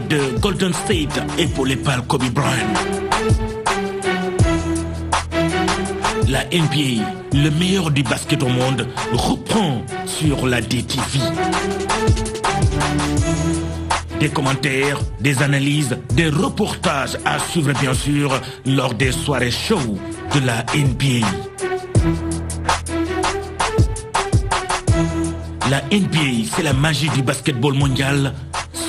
de Golden State, et épaulé par Kobe Bryant. La NBA, le meilleur du basket au monde, reprend sur la DTV. Des commentaires, des analyses, des reportages à suivre bien sûr lors des soirées show de la NBA. La NBA, c'est la magie du basketball mondial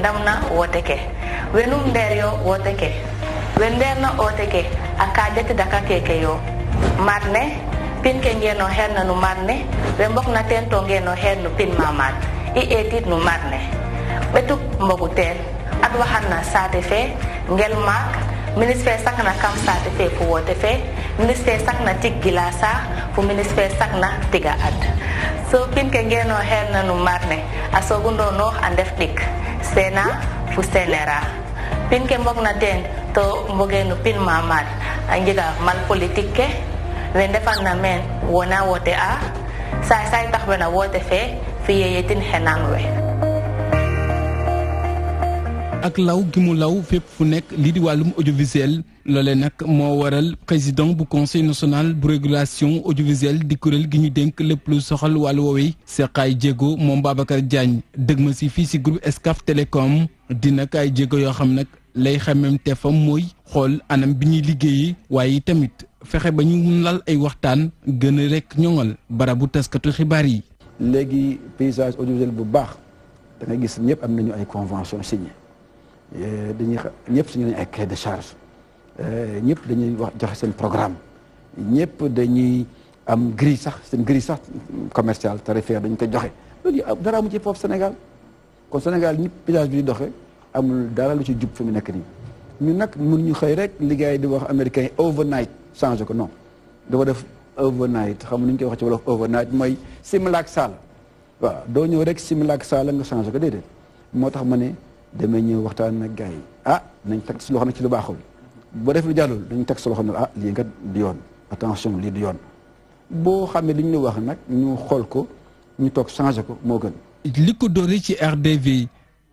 ndamna wote ke wenum nder yo wote ke we daka keke yo marne pin ke ngeno herna nu marne we mbokna ten to ngeno hernu pin mamat i etit nu marne betuk mbogu ten ad waxanna fe ngel ministre sakna kam saate fe fo wote fe ministre sakna tig gilasa fo ministre sakna tiga ad so pin ke ngeno herna nu marne a sogundo noox a sena fu senera pin ke mbogna teen to mbogeenu pin mamad a njega mal politique ke we na meen wona wote a saay saay tax we na woote fe fiye yetin xenan we ak law gi mu law fépp fu nekk lii di wàllum audiovisuel loole nag moo waral président bu conseil national bu régulation audiovisuel di kuréel gi ñu dénk lépp lu soxal wàllu woowee seqaay jéego moom Babacar Diagne dëgg ma si fii si groupe Excaf Télécom dina kaay jéego yoo xam nag lay xamem te fam mooy xool anam bi ñuy liggéeyee waaye tamit fexe ba ñu lal ay waxtaan gën a rek ñoŋal barabu taskatu xibaar yi. léegi paysage audiovisuel bu baax da nga gis ñëpp am nañu ay convention signé Euh, dañuy ñëpp suñu ay cahier de charge euh, ñëpp dañuy wax joxe seen programme ñëpp dañuy am gris sax seen gris sax commercial tarifaire dañ ko joxe loolu dara amu ci foofu Sénégal kon Sénégal ñi péage bi di doxe amul dara lu ci jub fi mu nekk nii ñun nag mun ñu xëy rek liggéey di wax américain overnight changé ko non dafa def overnight xam nu ñu koy wax ci wolof overnight mooy simlaak saala waaw doo ñëw rek simlaak saala nga changé ko déedéet moo tax ma ne demee ñëw waxtaan ak gars yi ah nañ teg su loo xam ne ci lu baaxul boo def lu jàllul dañ teg su loo xam ne ah lii nga du yoon attention lii du yoon boo xamee li ñu wax nag ñu xool ko ñu toog changé ko moo gën. li ko dooree ci RDV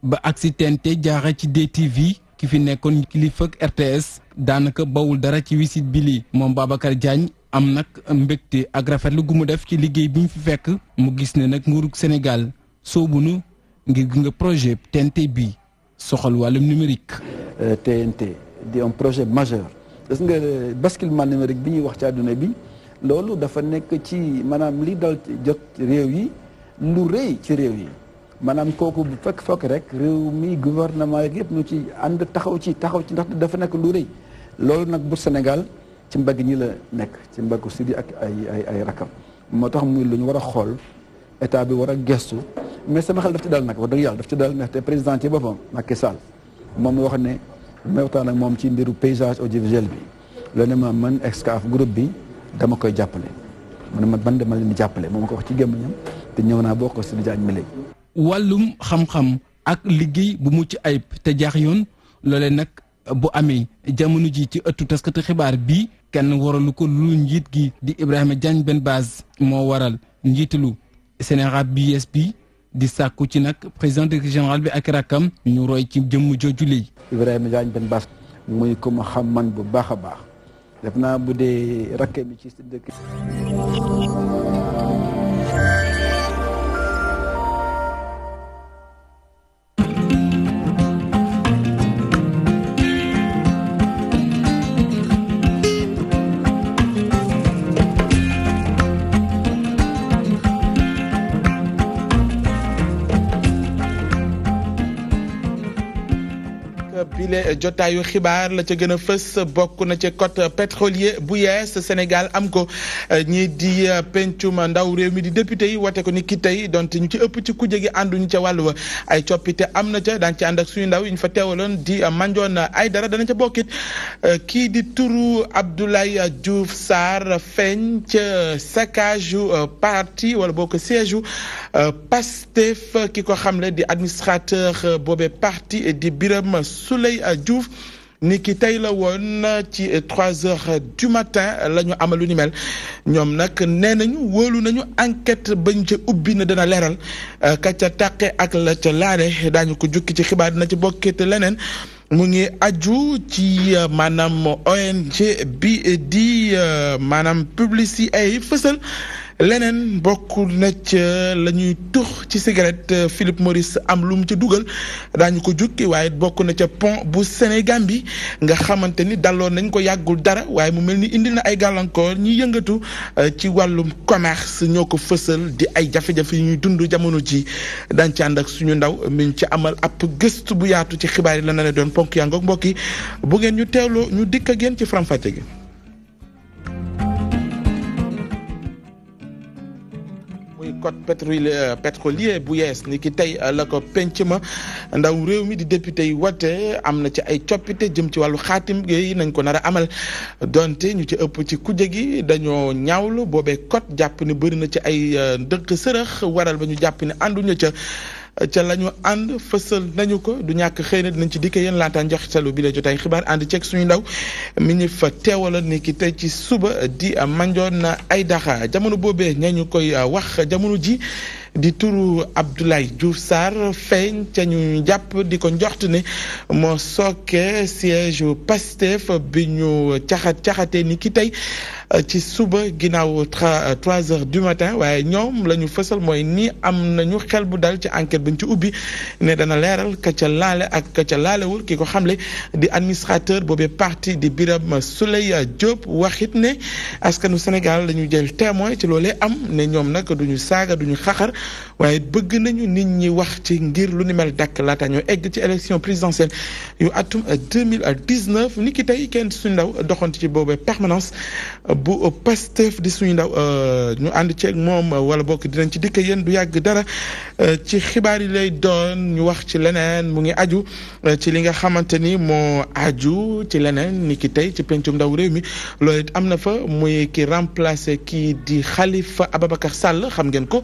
ba accidenté jaara ci DTV ki fi nekkoon kilifa RTS daanaka bawul dara ci wisit bi lii moom Babacar Diagne am nag mbégte ak rafetlu gu mu def ci liggéey bi ñu fi fekk mu gis ne nag nguurug Sénégal soobu nu ngir gunge projet TNT bii soxal walum numérique. TNT euh, di un projet majeur gis nga euh, basculement numérique bi ñuy wax ci aduna bi loolu dafa nekk ci maanaam li dal jot réew yi lu rëy ci réew yi maanaam kooku bu fekk fokk rek réew mi gouvernement yeeg yëpp ñu ci ànd taxaw ci taxaw ci ndax dafa nekk lu rëy loolu nag bu Sénégal ci mbagg ñi la nekk ci mbaggu Sidi ak ay ay ay rakam moo tax muy lu ñu war a xool. état bi war a gestu mais ma xel daf ci dal nag wax dëgg yàlla daf ci dal ndaxte président ci boppam Macky Sall moom wax ne may waxtaan nag moom ci mbiru paysage audiovisuel bi loolu ne ma man Excaf groupe bi dama koy jàppale mu ne ma man dama leen jàppale moom ma ko wax ci gémmiñam te ñëw naa boo ko si Diagne mi léegi. wàllum xam-xam ak liggéey bu mucc ayib te jaax yoon loolee nag bu amee jamono ji ci ëttu taskati xibaar bi kenn waralu ko lu njiit gi di Ibrahima Diagne Benbaz moo waral njiitalu. sénégal BSP di sàkku ci nak président général bi ak rakam ñu roy ci jëm joju li Ibrahima Diagne Ben Bass muy ko ma xam man bu baax baax def naa bu dee ci dëkk bile jotaayu xibaar la ca gën a fës bokk na ca cote pétrolier bu yees Sénégal am ko ñi di euh, pencum ndaw réew mi di député yi wate ko ni ki tey donte ñu ci ëpp ci kujje gi ànduñu ca wàllu wa ay coppite am na ca daan ci ànd ak suñu ndaw ñu fa teewaloon di euh, manjoon ay dara dana ca bokkit euh, kii di turu Abdoulaye Diouf sar feñ ca saccage parti wala boo ko siège Pastef ki ko xamle di administrateur boobee parti di biram Souleye Diouf ni ki tey la woon ci trois heures du matin la ñu amal lu ni mel ñoom nag nee nañu wóolu nañu enquête bañ ci ubbi na dana leeral euh, ka ca tàqe ak la ca laale daañu ko jukki ci xibaar dina ci bokket leneen mu ngi aju ci euh, maanaam ONG bi di euh, maanaam publicité ay fësal leneen bokk na ca la ñuy tux ci cigarette euh, Philip Morris am lu mu ca dugal daañu ko jukki waaye bokk na ca pont bu Sénégambie nga xamante ni daloon nañ ko yàggul dara waaye mu mel ni indi na ay gàllankoor ñi yëngatu euh, ci wàllum commerce ñoo ko fësal di ay jafe-jafe yu ñuy dund jamono ji daañ ci ànd ak suñu ndaw mi ci amal ab gëstu bu yaatu ci xibaar yi la na la doon ponk yaa ngoog mbokk yi bu ngeen ñu teeloo ñu dikk ak yéen ci faram gi code pétrolier euh, pétrolier bu yees ni ki tey euh, la ko penc ma ndaw réew mi di député yi wate am na ci ay coppite jëm ci wàllu xaatim yi nañ ko nar amal donte ñu ci ëpp ci kujje gi dañoo ñaawlu boobee code jàpp ni bëri na ci ay euh, dëkk sërëx waral ba ñu jàpp ni ànduñu ca ca la ñu ànd fësal nañu ko du ñàkk xëy na dinañ ci dikkee yéen laataan njaxitalu bi la jotaay xibaar ànd ceeg suñu ndaw mi ñu fa teewala ni ki tey ci suba di manjoon ay daxa jamono boobee ña ñu koy ah, wax jamono ji di turu Abdoulaye Diouf sar feñ ca ñu jàpp di ko njort ne moo sooke siège Pastef bi ñu caxat caxate ni ki tey euh, ci suba ginnaaw euh, trois heures du matin waaye ñoom la ñu fësal mooy ni am nañu xel bu dal ci enquête bañ ci ubbi ne dana leeral ka ca laale ak ka ca laalewul ki ko xamle di administrateur boobee parti di Biram Souleye Diop waxit ne askanu Sénégal la jël témoin ci loolee am ne ñoom nag duñu saaga duñu xaxar waaye bëgg nañu nit ñi wax ci ngir lu ni mel dakk laata ñoo egg ci élection présidentielle yu atum 2019 niki ki tey kenn suñu ndaw doxant ci boobu permanence bu Pastef di suñu ndaw euh, ñu ànd ak moom wala bokk dinañ ci dikk yéen du yàgg dara euh, ci xibaar yi lay doon ñu wax ci leneen mu ngi aju euh, ci li nga xamante ni moo aju ci leneen niki tey ci pencum ndaw réew mi loolu it am na fa muy ki remplacer kii di Khalifa Ababacar Sall xam ngeen ko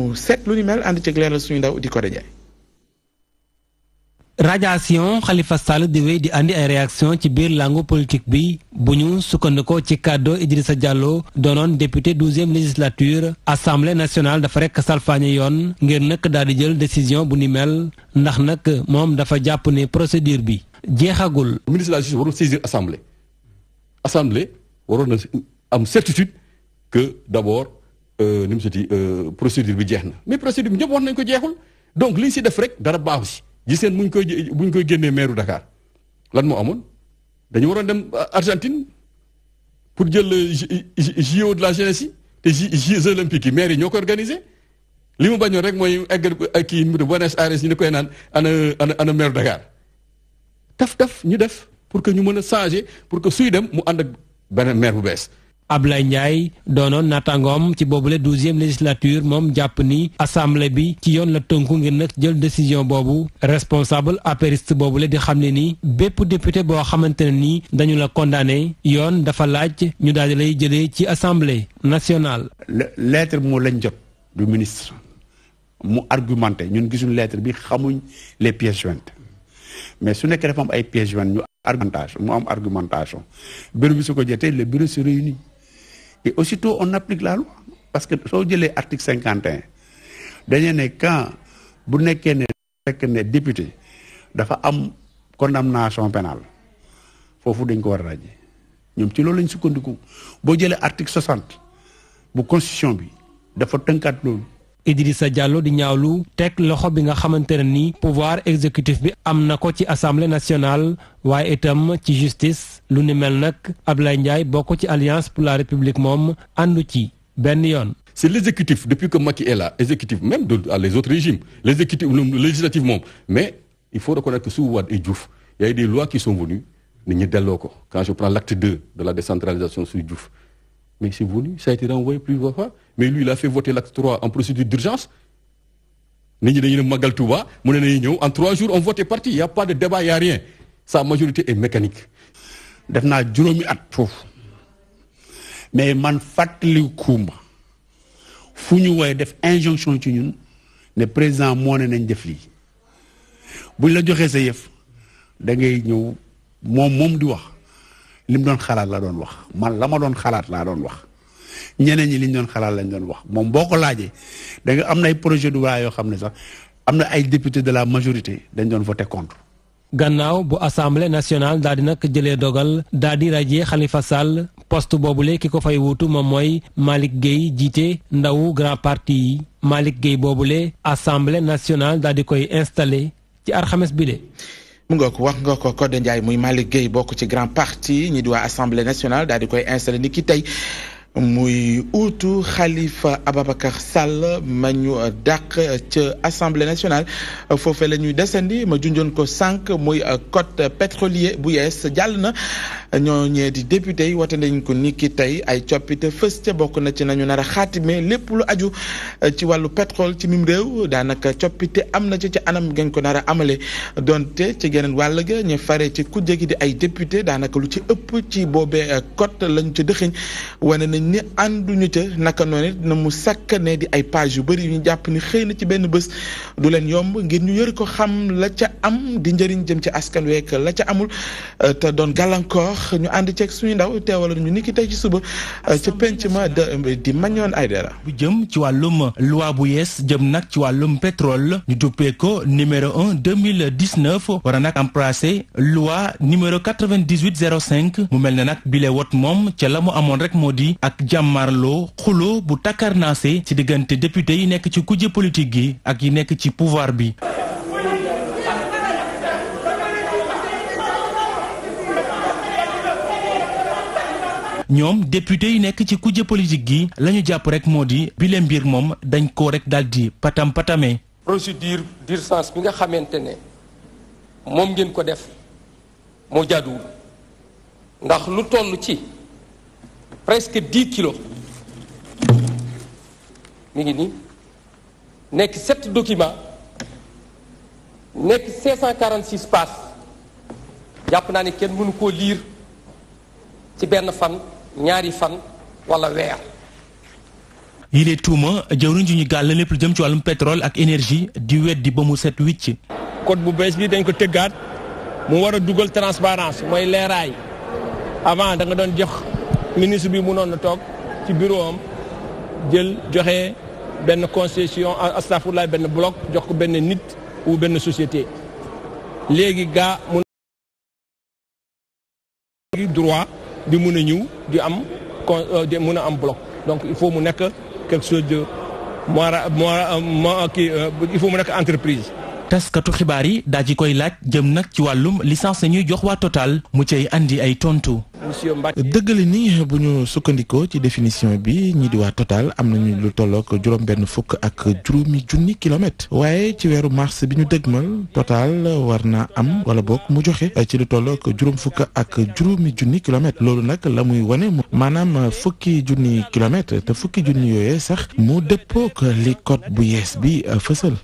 set lu ni mel ci suñu ndaw di radiation Khalifa Sall di wey di andi ay réaction ci biir langue politique bi buñu ñu ci kàddoo Idrissa Diallo donon député 12e législature assemblée nationale dafa rek salfaañe yoon ngir nak daal di jël décision bu ni mel ndax nag moom dafa japp ne procédure bi jeexagul. ministre de la justice saisir assemblée assemblée waro na am certitude que d'abord. Euh, ni mu soti euh, procédure bi jeex na mais procédure bi ñëpp wax nañ ko jeexul donc li si def rek dara baaxu si gis ngeen ñu koy bu ñu koy génnee meeru Dakar lan moo amoon dañu waroon dem Argentine pour jël euh, JO de la jeunesse yi te Jeux olympiques yi maire yi ñoo ko organisé li mu bañoon rek mooy eggal kii mu de Buenos Aires ñu ne koy naan ana ana ana meeru Dakar taf taf ñu def pour que ñu mën a changer pour que suy dem mu ànd ak beneen bu bees Ablaye Ndiaye Donon, Natangom, ci 12e législature mom japp assemblée bi ci le la tonku ngir décision bobu responsable apériste di ni député bo xamante condamné Yon, dafa laaj ñu nous assemblée nationale. lettre du ministre mu argumenté ñun une lettre bi les pièces jointes mais su nous dafa am ay pièces jointes ñu argumentation argumentation bureau le bureau se réunit. et aussitôt on applique la loi parce que soo jëlee article cinquante et un dañu ne quand bu nekkee ne fekk ne député dafa am condamnation pénale foofu dañ ko war a ràññee ñoom ci loolu lañ sukkandiku boo jëlee article soixante bu constitution bi dafa tënkaat loolu Idrissa Diallo di ñaawlu tek loxo bi nga xamante ni pouvoir exécutif bi amna ko ci assemblée nationale waaye itam ci justice lu ni mel nak Ablaye Ndiaye bokku ci alliance pour la république mom andu ci ben yoon. c'est l'exécutif depuis que Macky est là exécutif même de les autres régimes l'exécutif le législatif mais il faut reconnaître que sous Wade et Diouf y a eu des lois qui sont venues nit ñi delloo ko quand je prends l'acte 2 de la décentralisation sous Diouf mais c'est venu, ça a été renvoyé plusieurs fois. Mais lui, il a fait voter l'acte 3 en procédure d'urgence. En trois jours, on vote et parti. Il n'y a pas de débat, il n'y a rien. Sa majorité est mécanique. def a juróomi un mais man fàttalikuuma fu ñu woowee def injonction ci ñun ne président moo ne nañ def il buñ la joxee sa yëf li mu doon xalaat la doon wax man la ma doon xalaat laa doon wax ñeneen ñi liñ doon xalaat lañ doon wax moom boo ko laajee da am na ay projet de loi yoo xam ne sax am na ay député de la majorité dañ doon voté contre. gannaaw bu assemblée nationale daal di nag jëlee dogal daal di radier Khalifa Sall poste boobule ki ko fay wuutu moom mooy Malick Gueye jiite ndaw grand parti yi Malick Gueye boobule assemblée nationale daal di koy installé ci alxames bi de. mu nga ko wax nga ko Codé Ndiaye muy Malick Gueye bokk ci grand parti ñi di waa assemblée nationale daal di koy installé ni ki tey muy uutu Khalifa Ababacar Sall ma ñu dàq ca assemblée nationale foofe la ñuy desandi ma junjoon ko sànq muy code pétrolier bu yees jàll na ñooñee di député yi wate nañ ko niki tey ay coppite fës ca bokk na ci nañu nar a xaatime lépp lu aju ci wàllu pétrole ci mim réew daanaka coppite am na ci ci anam gañ ko nar amale donte ci geneen wàll ga ñu fare ci kujje gi di ay député daanaka lu ci ëpp ci boobee code lañ ca dëxiñ wane nañ ni ànduñu ca naka noonu na mu sakkane di ay page yu bëri yu jàpp ni xëy na ci benn bés du leen yomb ngir ñu yër ko xam la ca am di njëriñ jëm ci askan week la ca amul euh, te doon gàllankoor ñu ànd ceeg suñu ndaw teewaloon ñu niki tey ci suba euh, ca penc ma euh, di mañoon ay dara bu jëm ci wàllum loi bu yees jëm nag ci wàllum pétrole ñu duppee ko numéro un deux mille dix neuf war a nag emplacé loi numéro quatre vingt dix huit zéro cinq mu mel ne nag bilee wot moom ca la mu amoon rek moo di. ak jàmmarloo xuloo bu takkarnaase ci diggante député yi nekk ci kujje politique gi ak yi nekk ci pouvoir bi ñoom député yi nekk ci kujje politique gi lañu jàpp rek moo di bile mbir moom dañ ko rek daal di patam patame. procédure d'urgence bi nga xamante ne moom ngeen ko def moo jaaduwul ndax lu toll ci. presque dix kilos mi ngi nii nekk sept documents nekk cinq cent quarante six pages jàpp naa ni kenn mënu koo liir ci benn fan ñaari fan wala weer. yii de tuuma jawriñ ji ñu gàll lépp lu jëm ci wàllum pétrole ak énergie di weddi ba mu set wicc. code bu bees bi dañ ko tëggaat mu war a dugal transparence mooy leeraay avant da nga doon jox. ministre bi munoon na toog ci bureau am jël joxe benn concession astafurlaay benn bloc jox ko benn nit ou benn société léegi gaa mun gi droit di mun a ñëw di am euh, di mun a am bloc donc il faut mu nekk quelque chose de moi moi euh, kii euh, il faut mu nekk entreprise taskatu xibaar yi daa ci koy laaj jëm nag ci wàllum licence ñuy jox waa Total mu cay andi ay tontu. dëgg la ni bu ñu sukkandikoo ci définition bi ñi di waa Total am nañu lu tollook juróom benn fukk ak juróomi junni kilomètres waaye ci weeru mars bi ñu dëgmal Total war na am wala boog mu joxe ci lu tollook juróom fukk ak juróomi junni kilomètres loolu nag la muy wane maanaam fukki junni kilomètres te fukki junni yooyee sax mu dëppook li code bu yees bi fësal.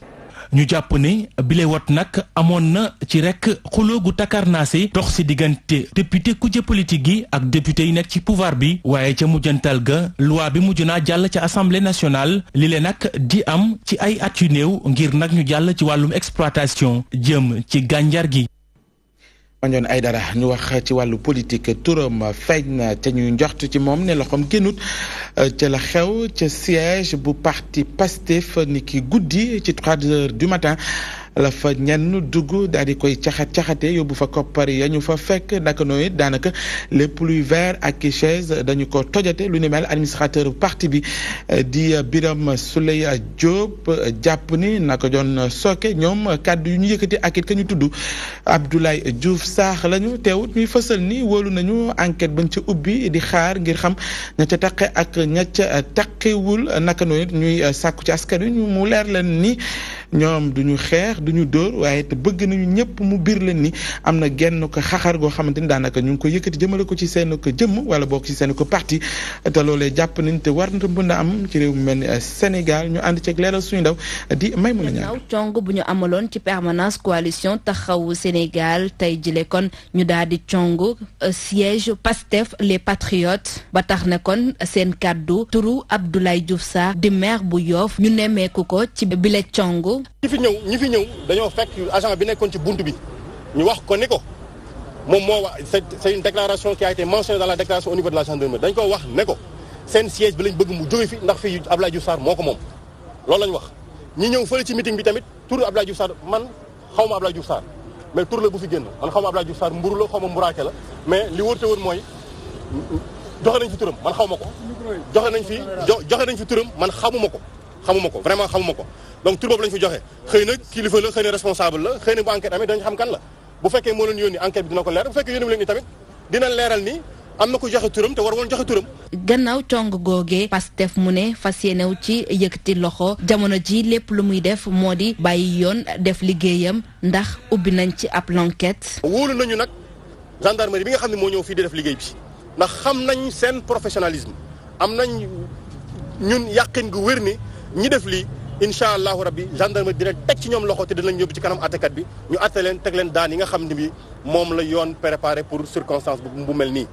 ñu jàpp ni bile wat nag amoon na ci rek xuloo gu takarnaase dox si diggante député kujje politique yi ak député yi nekk ci pouvoir bi waaye ca mujjantal ga loi bi mujj naa jàll ca assemblée nationale li nag di am ci ay at yu néew ngir nag ñu jàll ci wàllum exploitation jëm ci gànjar gi ay dara ñu wax ci wàllu politique turam feeñ na ca ñuy njort ci moom ne loxoom génnut euh, ca la xew ca siège bu parti Pastef ni ki guddi ci trois heures du matin la fa ñenn dugg daal koy caxat caxate yóbbu fa koppar ya ñu fa fekk naka noonu it daanaka lépp luy verre ak i chaise dañu ko tojate lu ni mel administrateur parti bi eh, di eh, Birame Souleye Diop eh, jàpp ni naka doon sooke ñoom kàddu yu ñu yëkkati ak it ka ñu tudd Abdoulaye Diouf saax lañu teewut ñuy fësal ni wóolu nañu enquête bañ ci ubbi di xaar ngir xam ña ca taqe ak ña ca taqewul naka noonu it ñuy sàkku ci askan wi mu leer leen nii ñoom du ñu xeex du ñu dóor waaye te bëgg nañu ñëpp mu biir leen ni am na genn ko xaxar goo xamante ni daanaka ñu ngi ko yëkkati jëmale ko ci seen ko jëmm wala bokk ci seen ko parti te loolee jàpp nañ te war na mën a am ci réew mu mel ni euh, Sénégal ñu ànd ceeg leeral suñu ndaw di may mën a bu ñu amaloon ci permanence coalition taxawu Sénégal tey jile kon ñu daal di cong euh, siège Pastef les patriotes ba tax na kon seen kàddu turu Abdoulaye Diouf Sarr di maire bu Yoff ñu nemmeeku ko ci bile cong loolu. ñi fi ñëw ñi fi ñëw dañoo fekk agent bi nekkoon ci bunt bi ñu wax ko ni ko moom moo wax c'est une déclaration qui a été mentionnée dans la déclaration au niveau de la gendarmerie dañ ko wax ne ko seen siège bi lañ bëgg mu jóge fi ndax fii Abdoulaye Diouf Sarr moo ko moom. loolu lañ wax ñi ñëw fële ci meeting bi tamit tur Abdoulaye Diouf Sarr man xaw ma Abdoulaye Diouf Sarr mais tur la bu fi génn man xaw ma Abdoulaye Diouf Sarr mburu la xaw ma mburaake la mais li wërte wër mooy joxe nañ fi turam man xaw ma ko. joxe nañ fi joxe nañ fi turam man xamuma ko xamuma ko vraiment xamuma ko donc tur boobu lañ fi joxe xëy na kilifa la xëy na responsable la xëy na bu enquête amee dañ xam kan la bu fekkee moo leen yónni enquête bi dina ko leeral bu fekkee yónni leen ni tamit dina leeral ni am na ko joxe turam te war woon joxe turam. gannaaw cong googee Pastef mu ne fas yéenew ci ti loxo jamono ji lépp lu muy def moo di bàyyi yoon def liggéeyam ndax ubbi nañ ci ab enquête. wóolu nañu nag gendarmerie bi nga xam ne moo ñëw fii di def liggéey bi ndax xam nañ seen professionnalisme am nañ ñun yàqin wér ni ñi def lii incha allahu rabbi gendarme dina teg ci ñoom loxo te dinañ yóbbu ci kanam attekat bi ñu atte leen teg leen daan yi nga xam ne bi moom la yoon préparé pour circonstance bu mel nii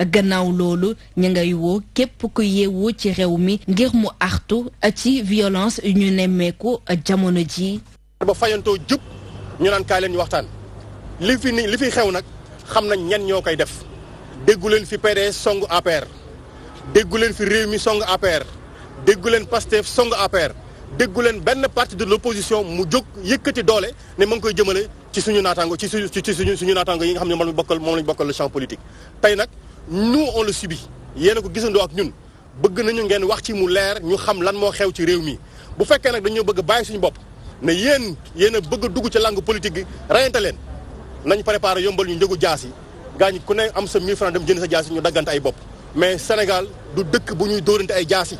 gannaaw loolu ñu ngay woo képp ku yeewoo ci réew mi ngir mu artu ci violence ñu nemmeeku jamono ji ba fayantoo jub ñu naan kaay leen ñu waxtaan li fi ni li fi xew nag xam nañ ñan ñoo koy def déggu leen fi PDS song APR déggu leen fi réew mi song APR déggu leen Pastef song APR déggu leen benn parti de l'opposition mu jóg yëkkati doole ne ma ngi koy jëmale ci suñu naataango ci suñu ci suñu suñu naataango yi nga xam ne moom lañ bokkal moom lañu bokkal le champ politique. tey nag nous on le subit yéen a ko gisandoo ak ñun bëgg nañu ngeen wax ci mu leer ñu xam lan moo xew ci réew mi bu fekkee nag dañu bëgg bàyyi suñu bopp ne yéen yéen a bëgg a dugg ci langue politique gi rayante leen nañ préparé yombal ñu njëgu jaas yi ku ne am sa 1000 francs dem jënd sa jaas ñu daggante ay bopp mais Sénégal du dëkk bu ñuy dóorante ay jaas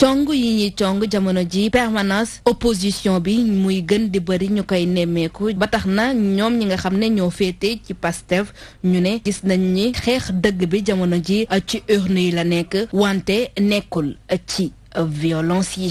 cong yi ñuy cong jamono ji permanence opposition bi muy gën di bëri ñu koy nemmeeku ba tax na ñoom ñi nga xam ne ñoo féete ci Pastef ñu ne gis nañ ni xeex dëgg bi jamono ji ci urne yi la nekk wante nekkul ci violence yi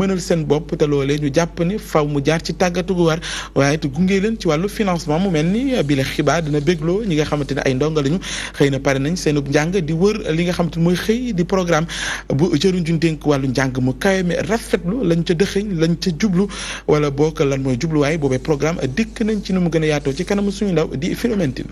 mënal seen bopp te loolee ñu jàpp ne faw mu jaar ci tàggatu gu war waaye te gunge leen ci wàllu financement mu mel ni bi la xibaar dina bégloo ñi nga xamante ne ay ndongo lañu xëy na pare nañ seen njàng di wër li nga xamante ne mooy xëy di programme bu jëriñ juñ dénk wàllu njàng mu kawe mais rafetlu lañ ca dëxëñ lañ ca jublu wala bokk lan mooy jubluwaay boobee programme dikk nañ ci nu mu gën a yaatoo ci kanamu suñu ndaw di Philomène Tine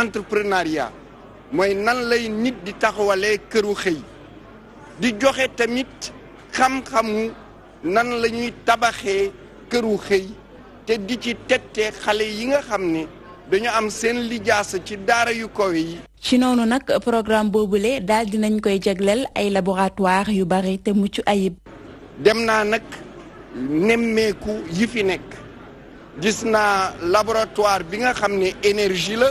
entrepreneuriat mooy nan lay nit di taxawalee këru xëy di joxe tamit xam-xamu nan la ñuy tabaxee këru xëy te di ci tette xale yi nga xam ne dañu am seen lijaasa ci daara yu kawe yi. ci noonu nag programme boobule daal nañ koy jagleel ay laboratoire yu bari te mucc ayib. dem naa nag nemmeeku yi fi nekk gis na laboratoire bi nga xam ne énergie la.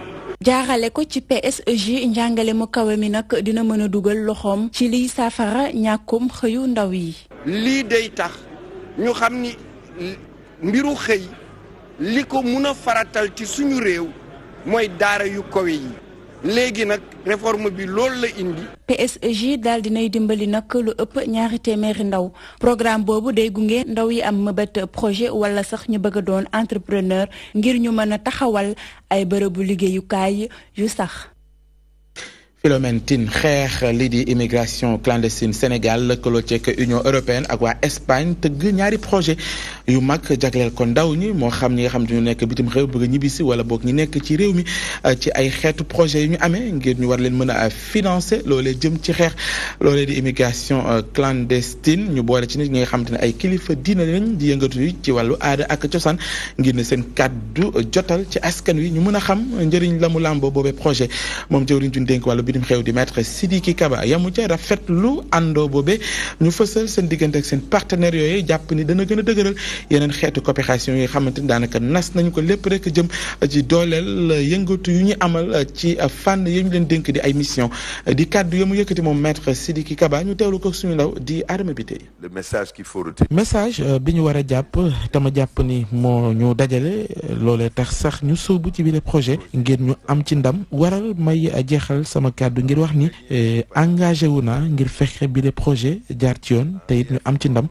jaarale ko ci PSEG njàngale mu kawe mi nag dina mën a dugal loxoom ci liy saafara ñàkkum xëyu ndaw yi. lii day tax ñu xam ni mbiru xëy li ko mun a faratal ci suñu réew mooy daara yu kawe yi. léegi nag réforme bi loolu la indi. PSEJ daal dinay dimbali nag lu ëpp ñaari téeméeri ndaw programme boobu day gunge ndaw yi am mëbët projet wala sax ñu bëgg a doon entrepreneur ngir ñu mën a taxawal ay bërëbu liggéeyukaay yu sax. Philomène tin xeex lii di immigration clandestine Sénégal lëkkaloo ceeg Union européenne ak waa Espagne tëgg ñaari projet yu mag jagleel ko ndaw ñi moo xam ñi nga xam dañu nekk bitim réew bëgg a wala boog ñi nekk ci réew mi euh, ci ay xeetu projet yu ñu amee ngir ñu war leen mën a euh, financer loolee jëm ci xeex loolee di immigration euh, clandestine ñu boole ci nit ñi nga xam te ay kilifa diina lañ di yëngatu ci wàllu aada ak cosaan ngir ne seen kàddu jotal ci askan wi ñu mën a xam njëriñ la mu làmboo boobee projet moom jëwriñ ju wàllu mbirum xew di maître Sidiki Kaba yamu ca lu ando bobé ñu fësal seen diggante ak seen partenaires yooyu japp ni dana gëna a dëgëral yeneen xeetu coopération yi xamante ni daanaka nas nañu ko lépp rek jëm ci dooleel yëngatu yu ñu amal ci fànn yi ñu leen dénk di ay mission di kàddu yamu yëkkati moom maître Sidiki Kaba ñu teewlu ko suñu ndaw di arme bi tey. message qu'il faut retenir. message euh, bi ñu war a jàpp tama jàpp ni moo ñu dajale loolee tax sax ñu sóobu ci bi biir projet ngeen ñu am ci ndam waral may jeexal sama kàddu ngir wax ni eh, engagé wu naa ngir fexe bi le projet jaar ci yoon te it ñu am ci ndam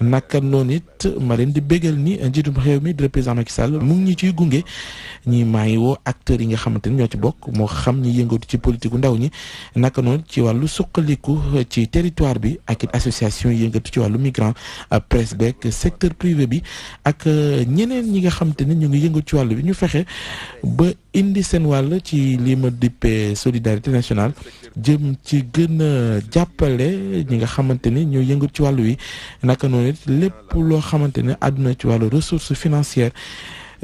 naka noonu it ma leen di bégal ni njiitum réew mi di le président Macky Sall mu ngi ñu ciy ñi maa ngi woo acteur yi nga xamante ni ñoo ci bokk moo xam ñi yëngatu ci politique gu ndaw ñi naka noonu ci wàllu suqaliku ci territoire bi ak it association yi ci wàllu migrant euh, presse beeg secteur bi ak euh, ñeneen ñi nga xamante ni ñu ngi yëngatu ci wàllu bi ñu fexe ba indi ci li solidarité nationale jëm ci gën a ñi nga xamante ni ñoo ci wàllu wi naka lépp loo xamante ne ci ressource financière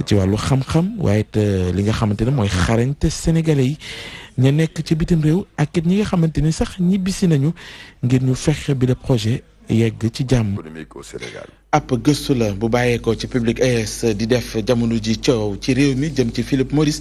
ci wàllu xam-xam waaye it li nga xamante ne mooy sénégalais ña nekk ci bitim ak ñi nga ni sax nañu ngir ñu bi le projet yegg ci jàmm. au Sénégal. ab gëstu la bu bàyyeekoo ci public AS di def jamono ji coow ci réew mi jëm ci Philip Morris.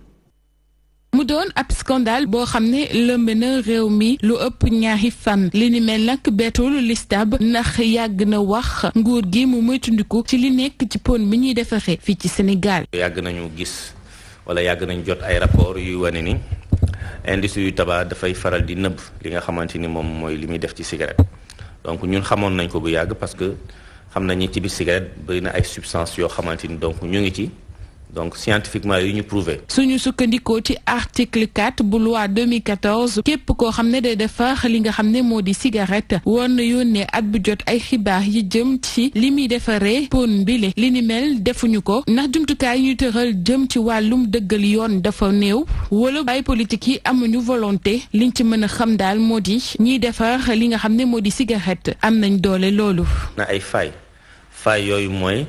mu doon ab scandale boo xam ne lëmb na réew mi lu ëpp ñaaxi fan li ni mel nag bettul listab ndax yàgg na wax nguur gi mu moytundiku ci li nekk ci pon bi ñuy defaree fii ci Sénégal. yàgg nañu gis wala yàgg nañu jot ay rapport yuy wane ni industrie yu tabac dafay faral di nëbb li nga xamante ni moom mooy li muy def ci cigarette donc ñun xamoon nañ ko bu yàgg parce que xam nañ ci biir cigarette bëri na ay substances yoo xamante ni donc ñu ngi ci. donc scientifiquement ñu prouvé. suñu sukkandiko ci article 4 bu loi 2014 képp koo xam ne day defar li nga xam ne cigarette war na yónnee at bu jot ay xibaar yi jëm ci li muy defaree pon bi li ni mel defuñu ko ndax jumtukaay ñu ñuy tëral jëm ci wàllum dëggal yoon dafa néew wala politique yi amuñu volonté liñ ci mën a xam daal moo di ñiy defar li nga xam ne cigarette am nañ doole loolu. na ay fay fay yooyu mooy.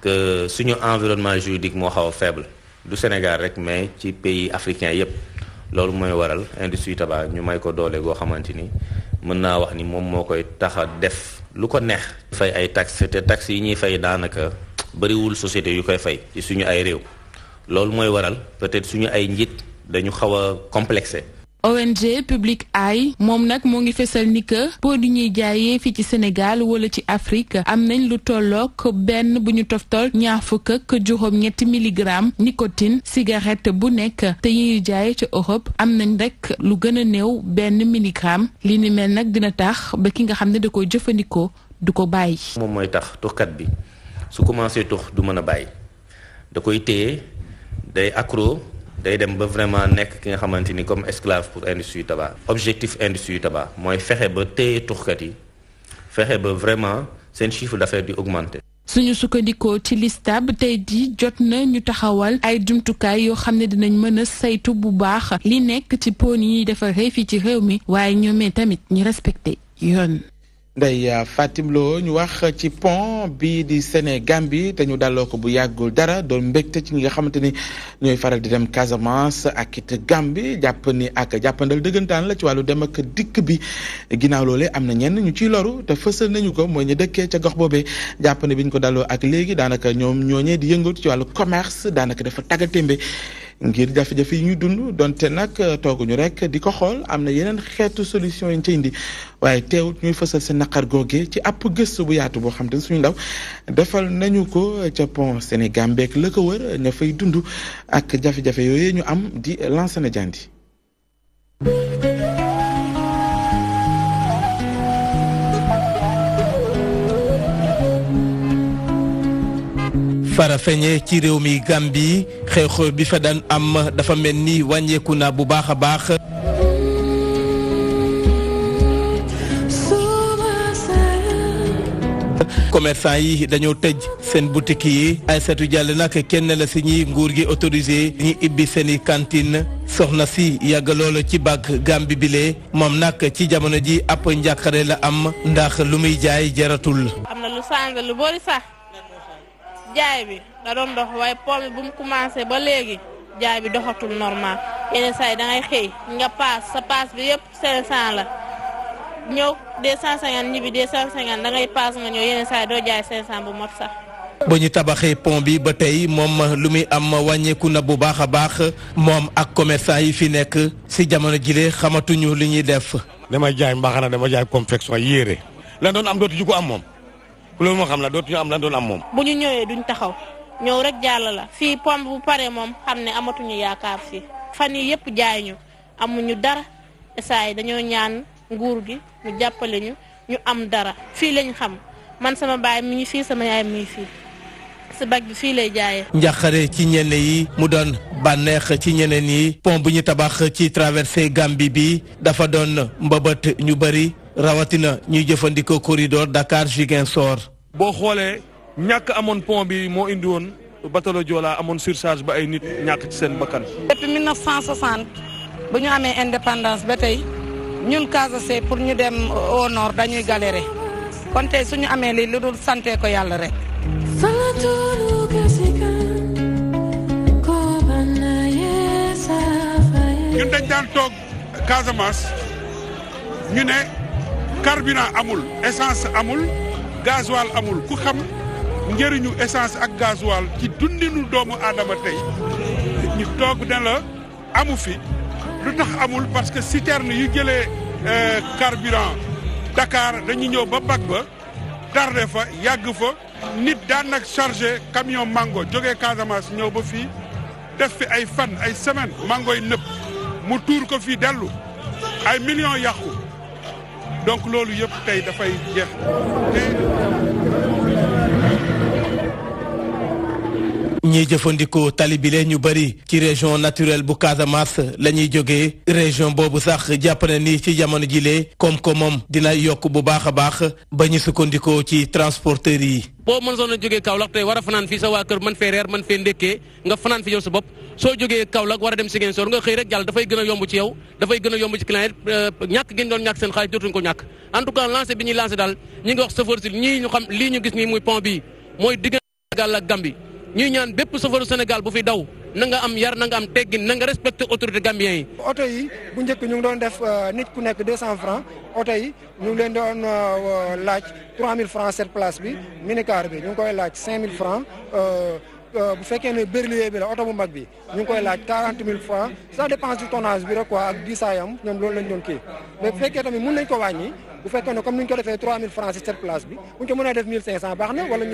que suñu environnement juridique moo xaw a faible du Sénégal rek mais ci pays africain yépp loolu mooy waral industrie tabac ñu may ko doole goo xamante ni mën naa wax ni moom moo koy taxa def lu ko neex fay ay taxes te taxes yi ñuy fay daanaka bariwul société yu koy fay ci suñu ay réew loolu mooy waral peut-être suñu ay njiit dañu xaw a complexé ONG Public ay moom nag moo ngi fesal ni que produit ñuy jaayee fii ci Sénégal wala ci Afrique am nañ lu tollook benn bu ñu toftal ñaar fukk juróom-ñetti milligramme nicotine cigarette bu nekk te yi ñuy jaayee ca Europe am nañ rekk lu gën a néew benn milligramme li ni mel nag dina tax ba ki nga xam ne da koy jëfandikoo du ko bàyyi. moom mooy tax tuxkat bi su commencé tux du mën a bàyyi da koy téye day accro. day dem ba vraiment nekk ki nga xamante ni comme esclave pour industrie tabac objectif indi industrie tabac mooy fexe ba tey tuxkat yi fexe ba vraiment seen chiffre d'affaires di augmenter. suñu sukkandikoo ci listab tey ji jot na ñu taxawal ay jumtukaay yoo xam ne dinañ mën a saytu bu baax li nekk ci pon yi dafa fii ci réew mi waaye ñoomee tamit ñu respecté yoon. Ndeye Fatim loo ñu wax ci pont bii di Sénégambie te ñu dalloo ko bu yàggul dara doon mbégte ci ñi nga xamante ni ñooy faral di dem Casamance ak it Gambie jàpp ni ak jàppandal dëggantaan la ci wàllu demak dikk bi ginnaaw loole am na ñenn ñu ciy loru te fësal nañu ko mooy ñu dëkkee ca gox boobee jàpp ne bi ñu ko dalloo ak léegi daanaka ñoom ñooñee di yëngatu ci wàllu commerce daanaka dafa taggatémbe ngir jafe-jafe yi ñuy dund donte nag euh, tooguñu rekk di ko xool am na yeneen xeetu solution yi ñu ci indi waaye teewut ñuy fësal seen naqar googe ci app gëstu bu yaatu boo xam te suñu ndaw defal nañu ko ca pont Sénégal mbeek la ko wër ña fay dund ak jafe-jafe yooyu ñu am di Lansana Diandi Farafeñe ci réew mi Gambie xew-xew bi fa daan am dafa mel ni wàññeeku na bu baax a baax. commerçant yi dañoo tëj seen boutique yi ay Aïssatou Diallo nag kenn la si nguur gi autorisé ñu ibbi seeni cantine soxna si yàgg loolu ci bàgg Gàmbi bile moom nag ci jamono ji ab njàqare la am ndax lu muy jaay jaratul. jaay bi da doon dox waaye pont bi bu mu commencé ba léegi jaay bi doxatul normal yenn saa yi xëy nga paas sa paas bi yëpp 500 la ñëw 250 ñibbi 250 da ngay paas nga ñëw yenn saa doo jaay 500 bu mot sax. ba ñu tabaxee pont bi ba tey moom lu muy am ma wàññeeku na bu baax a baax moom ak commerçant yi fi nekk si jamono jile xamatuñu li ñuy def. damay jaay mbaaxana dama jaay confection yéere. lan doon am dootu ju ko am moom. loolu moo xam la dootuñu am lan doon am moom. bu ñu ñëwee duñ taxaw ñow rek jàll la. fii pompe bu paree moom xam ne amatuñu yaakaar fii fan yii yëpp jaay ñu amuñu dara saa yi dañoo ñaan nguur gi ñu jàppale ñu ñu am dara. fii lañu xam man sama baay mi ngi fii sama yaay mi ngi fii si bag bi fii lay jaayee. njàqare ci ñenn yi mu doon bànneex ci ñeneen yi pom bu ñu tabax ci traversé Gambie bi dafa doon mbëbët ñu bari rawatina ñuy jëfandikoo corridor Dakar Ziguinchor. boo xoolee ñàkk amoon pont bi moo indiwoon woon batalo amoon surchage ba ay nit ñàkk ci seen bakkan. depuis 1960 bu ñu amee indépendance ba tey ñun Casamance pour ñu dem au nord dañuy galérer kon tey su ñu amee lii lu dul sante ko yàlla rek. ñun dañ carburant amul essence amul gasoil amul Nous xam une essence ak gasoil ci dundinu doomu aadama tey ñu toog la amu amul parce que citerne yu euh, carburant Dakar dañu ñëw ba bag ba tardé fa yàgg fa camion mango jógee Casamance ñëw ba fii def fi ay fan ay semaine mango nëpp mu tuur ko ay millions donc loolu yëpp tey dafay jeex te ñiy jëfandikoo tali bi lee ñu bëri ci région naturelle bu Casamance la ñuy jógee région boobu sax jàpp na ni ci jamono jilee koom-koomam dina yokk bu baax a baax ba ñu sukkandikoo ci transporteurs yi. boo mën soon a jógee Kaolack tey war a fanaan fii sa waa kër mën fee reer mën fee ndékkee nga fanaan fi yow sa bopp soo jógee Kaolack war a dem Ziguinchor nga xëy rek jàll dafay gën a yomb ci yow dafay gën yomb ci client euh, ñàkk gi ñu doon ñàkk seen xaalis dootuñ ko ñàkk en tout cas lancé bi ñuy lancé daal ñi ngi wax chauffeur si ñii ñu xam lii ñu gis nii ñuy ñaan bépp safaru Sénégal bu fi daw na nga am yar na am teggin na nga respecté autorité gambien yi. oto yi bu njëkk ñu ngi doon def euh, nit ku nekk 200 francs oto yi ñu ngi leen doon euh, laaj mille francs cette place bi minicar bi ñu ngi koy laaj cinq mille francs. Euh, Euh, bu fekkee ne berlier bi la oto bu mag bi ñu ngi koy laaj quarante mille francs ça dépend du tonnage bi rek quoi ak diisaayam ñoom loolu lañ doon kii mais bu fekkee tamit mun nañ ko wàññi bu fekkee ne comme ni ñu ko defee 3000 francs ci cette place bi bu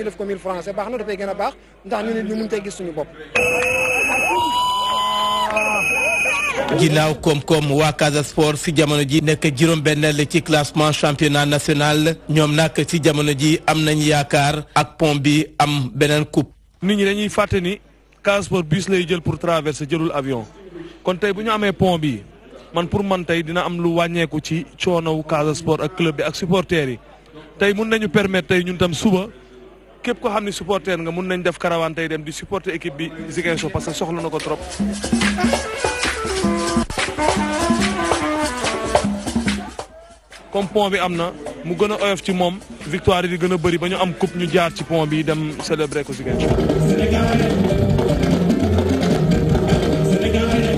def ko 1000 francs c'est baax na dafay gën a baax ndax ñu nit ñu mun tey gis suñu bopp ginnaaw koom-koom waa Casa Sport si jamono ji nekk juróom-benneel ci classement championnat national ñoom nag si jamono ji am nañu yaakaar ak pont bi am beneen coupe nit ñi lañuy fàtte ni Casa Sport bus lay jël pour traverser jëlul avion kon tey bu ñu amee pont bi man pour man tey dina am lu wàññeeku ci coonowu Casa Sport ak club bi ak supporters yi tey mun nañu permettre tey ñun tam suba képp ko xam ne supporter nga mun nañ def caravane tey dem di supporter équipe bi Ziguinchor parce que soxla na ko trop. comme pont bi am na mu gën a oyof ci moom victoire yi di gën a bëri ba ñu am coupe ñu jaar ci pont bi dem célébrer ko Ziguinchor.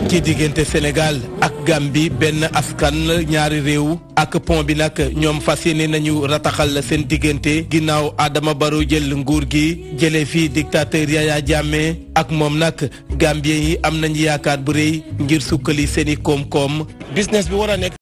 ci diggante Sénégal ak Gambie benn askan ñaari réew ak pont bi nag ñoom fas yéene nañu rataxal seen diggante ginnaaw Adama Barrow jël nguur gi jëlee fii dictateur Yaya Jammeh ak moom nag Gambien yi am nañu yaakaar bu rëy ngir sukkali seeni koom-koom business bi war a nekk